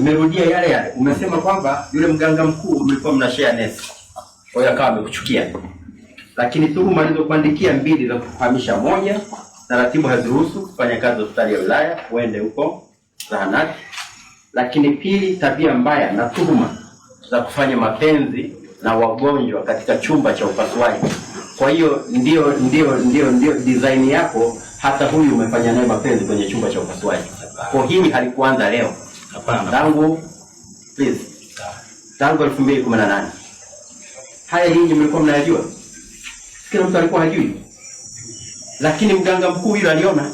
umerudia yale yale. Umesema kwamba yule mganga mkuu mlikuwa share nesi, kwa hiyo akawa amekuchukia, lakini tuhuma alizokuandikia mbili za kufahamisha, moja, taratibu haziruhusu kufanya kazi hospitali ya wilaya, uende huko zahanati, lakini pili, tabia mbaya na tuhuma za kufanya mapenzi na wagonjwa katika chumba cha upasuaji. Kwa hiyo ndio ndio ndio ndio design yako, hata huyu umefanya naye mapenzi kwenye chumba cha upasuaji. Kwa hili halikuanza leo. Hapana. Tangu please. Tangu 2018. Haya hii mlikuwa mnayajua? Kila mtu alikuwa hajui. Lakini mganga mkuu yule aliona.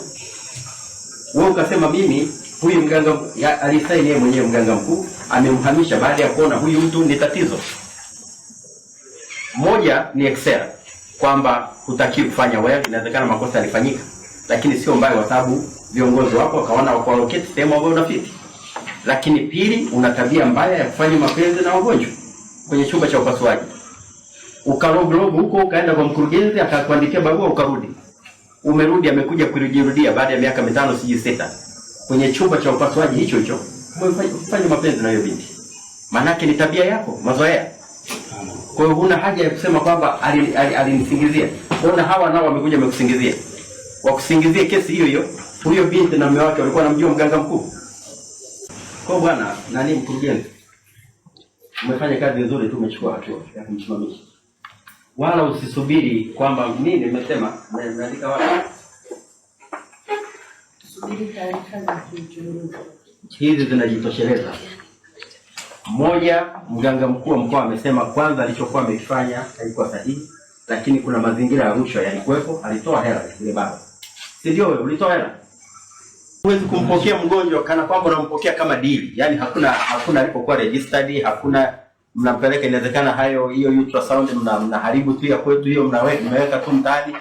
Wewe ukasema mimi huyu mganga alisaini yeye mwenyewe mganga mkuu amemhamisha baada ya kuona huyu mtu ni tatizo. Moja ni excel kwamba hutaki kufanya wewe, inawezekana makosa yalifanyika, lakini sio mbaya, kwa sababu viongozi wako wakaona wako allocate sehemu ambayo unafiti. Lakini pili, una tabia mbaya ya kufanya mapenzi na wagonjwa kwenye chumba cha upasuaji, ukaroglobu huko, ukaenda kwa mkurugenzi akakuandikia barua, ukarudi, umerudi, amekuja kujirudia baada ya miaka mitano sijui sita, kwenye chumba cha upasuaji hicho hicho umefanya mapenzi na hiyo binti. Maanake ni tabia yako, mazoea. Kwa hiyo huna haja ya kusema kwamba alinisingizia. Ali, ali ona hawa nao wamekuja wamekusingizia, wakusingizie kesi hiyo hiyo. Huyo binti na mume wake walikuwa wanamjua mganga mkuu. Kwa bwana nani, mkurugenzi, umefanya kazi nzuri tu, umechukua hatua ya kumsimamisha, wala usisubiri kwamba mimi nimesema, naandika wapi. hizi zinajitosheleza. moja mganga mkuu wa mkoa amesema kwanza alichokuwa amefanya haikuwa sahihi, lakini kuna mazingira ya rushwa yalikuwepo, alitoa hela ile baba, si ndio? Wewe ulitoa hela Huwezi kumpokea mgonjwa kana kwamba unampokea kama dili, yaani hakuna hakuna alipokuwa registered, hakuna mnampeleka. Inawezekana hayo hiyo ultrasound mnaharibu mna tu ya kwetu hiyo, mnaweka tu ndani.